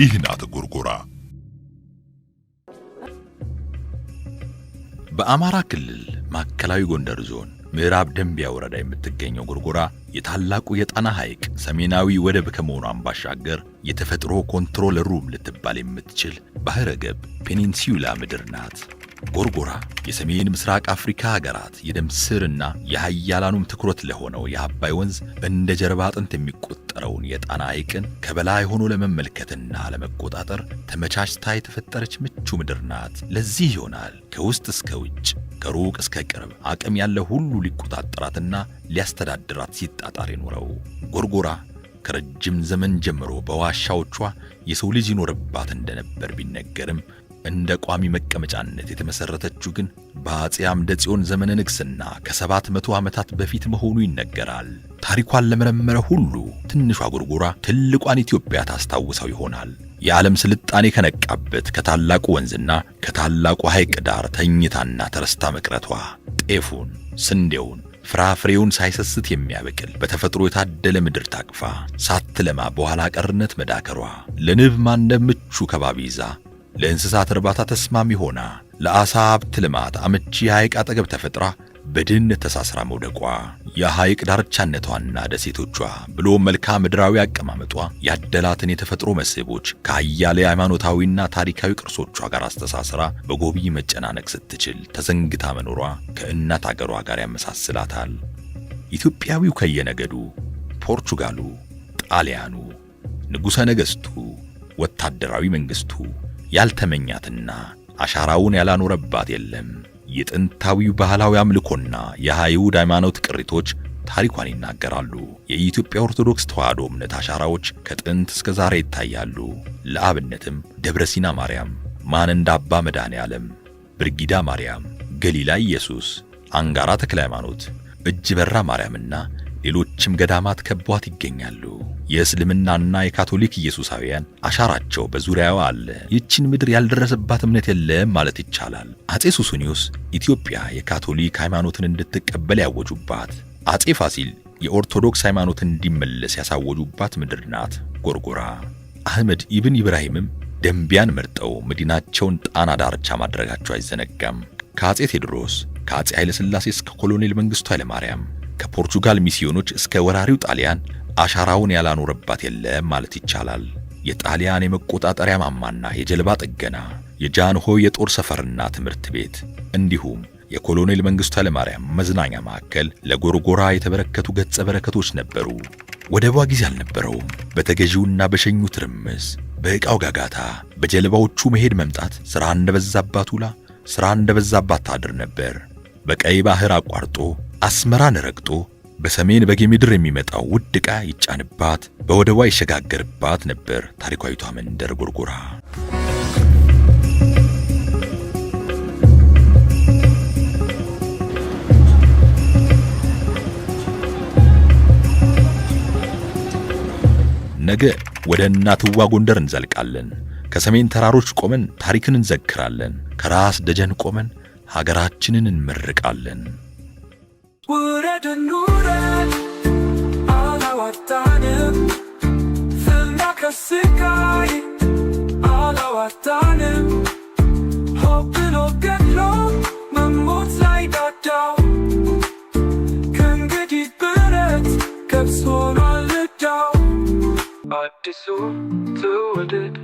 እንዲህ ናት ጎርጎራ። በአማራ ክልል ማዕከላዊ ጎንደር ዞን ምዕራብ ደንቢያ ወረዳ የምትገኘው ጎርጎራ የታላቁ የጣና ሐይቅ ሰሜናዊ ወደብ ከመሆኗን ባሻገር የተፈጥሮ ኮንትሮል ሩም ልትባል የምትችል ባህረ ገብ ፔኒንሱላ ምድር ናት። ጎርጎራ የሰሜን ምስራቅ አፍሪካ ሀገራት የደም ስርና የሀያላኑም ትኩረት ለሆነው የአባይ ወንዝ እንደ ጀርባ አጥንት የሚቆጠረውን የጣና ሐይቅን ከበላይ ሆኖ ለመመልከትና ለመቆጣጠር ተመቻችታ የተፈጠረች ምቹ ምድር ናት። ለዚህ ይሆናል ከውስጥ እስከ ውጭ፣ ከሩቅ እስከ ቅርብ አቅም ያለ ሁሉ ሊቆጣጠራትና ሊያስተዳድራት ሲጣጣር ይኖረው ጎርጎራ ከረጅም ዘመን ጀምሮ በዋሻዎቿ የሰው ልጅ ይኖርባት እንደነበር ቢነገርም እንደ ቋሚ መቀመጫነት የተመሠረተችው ግን በአጼ አምደ ጽዮን ዘመነ ንግሥና ከሰባት መቶ ዓመታት በፊት መሆኑ ይነገራል። ታሪኳን ለመረመረ ሁሉ ትንሿ ጎርጎራ ትልቋን ኢትዮጵያ ታስታውሰው ይሆናል። የዓለም ስልጣኔ ከነቃበት ከታላቁ ወንዝና ከታላቁ ሐይቅ ዳር ተኝታና ተረስታ መቅረቷ ጤፉን፣ ስንዴውን፣ ፍራፍሬውን ሳይሰስት የሚያበቅል በተፈጥሮ የታደለ ምድር ታቅፋ ሳትለማ በኋላ ቀርነት መዳከሯ ለንብ ማነብ ምቹ ከባቢ ይዛ ለእንስሳት እርባታ ተስማሚ ሆና ለአሳ ሀብት ልማት አመቺ የሐይቅ አጠገብ ተፈጥራ በድህነት ተሳስራ መውደቋ የሐይቅ ዳርቻነቷና ደሴቶቿ ብሎ መልክዓ ምድራዊ አቀማመጧ ያደላትን የተፈጥሮ መስህቦች ከአያሌ ሃይማኖታዊና ታሪካዊ ቅርሶቿ ጋር አስተሳስራ በጎብኝ መጨናነቅ ስትችል ተዘንግታ መኖሯ ከእናት አገሯ ጋር ያመሳስላታል። ኢትዮጵያዊው ከየነገዱ፣ ፖርቹጋሉ፣ ጣሊያኑ፣ ንጉሠ ነገሥቱ፣ ወታደራዊ መንግሥቱ ያልተመኛትና አሻራውን ያላኖረባት የለም። የጥንታዊው ባህላዊ አምልኮና የአይሁድ ሃይማኖት ቅሪቶች ታሪኳን ይናገራሉ። የኢትዮጵያ ኦርቶዶክስ ተዋሕዶ እምነት አሻራዎች ከጥንት እስከ ዛሬ ይታያሉ። ለአብነትም ደብረ ሲና ማርያም፣ እንደ አባ መድኃኔ ዓለም፣ ብርጊዳ ማርያም፣ ገሊላ ኢየሱስ፣ አንጋራ ተክለ ሃይማኖት፣ እጅ በራ ማርያምና ሌሎችም ገዳማት ከቧት ይገኛሉ። የእስልምናና የካቶሊክ ኢየሱሳውያን አሻራቸው በዙሪያዋ አለ። ይችን ምድር ያልደረሰባት እምነት የለም ማለት ይቻላል። አፄ ሱስንዮስ ኢትዮጵያ የካቶሊክ ሃይማኖትን እንድትቀበል ያወጁባት፣ አፄ ፋሲል የኦርቶዶክስ ሃይማኖትን እንዲመለስ ያሳወጁባት ምድር ናት ጎርጎራ። አህመድ ኢብን ኢብራሂምም ደንቢያን መርጠው መዲናቸውን ጣና ዳርቻ ማድረጋቸው አይዘነጋም። ከአጼ ቴዎድሮስ ከአጼ ኃይለሥላሴ እስከ ኮሎኔል መንግሥቱ ኃይለማርያም ከፖርቹጋል ሚስዮኖች እስከ ወራሪው ጣሊያን አሻራውን ያላኖረባት የለም ማለት ይቻላል። የጣሊያን የመቆጣጠሪያ ማማና የጀልባ ጥገና፣ የጃንሆይ የጦር ሰፈርና ትምህርት ቤት እንዲሁም የኮሎኔል መንግሥቱ ኃይለማርያም መዝናኛ ማዕከል ለጎርጎራ የተበረከቱ ገጸ በረከቶች ነበሩ። ወደቧ ጊዜ አልነበረውም። በተገዢውና በሸኙ ትርምስ፣ በዕቃው ጋጋታ፣ በጀልባዎቹ መሄድ መምጣት ሥራ እንደበዛባት ውላ ሥራ እንደበዛባት ታድር ነበር። በቀይ ባህር አቋርጦ አስመራን ረግጦ በሰሜን በጌምድር የሚመጣው ውድ ዕቃ ይጫንባት፣ በወደቧ ይሸጋገርባት ነበር ታሪካዊቷ መንደር ጎርጎራ። ነገ ወደ እናትዋ ጎንደር እንዘልቃለን። ከሰሜን ተራሮች ቆመን ታሪክን እንዘክራለን። ከራስ ደጀን ቆመን ሀገራችንን እንመርቃለን። ውረድ እንውረድ አላዋጣንም፣ ፍና ከስቃይ አላዋጣንም። ሆብሎ ገድሎ መሞት ላይ ዳዳው ከእንግዲህ ብረት ገብስ ሆኗል ዕዳው። አዲሱ ትውልድ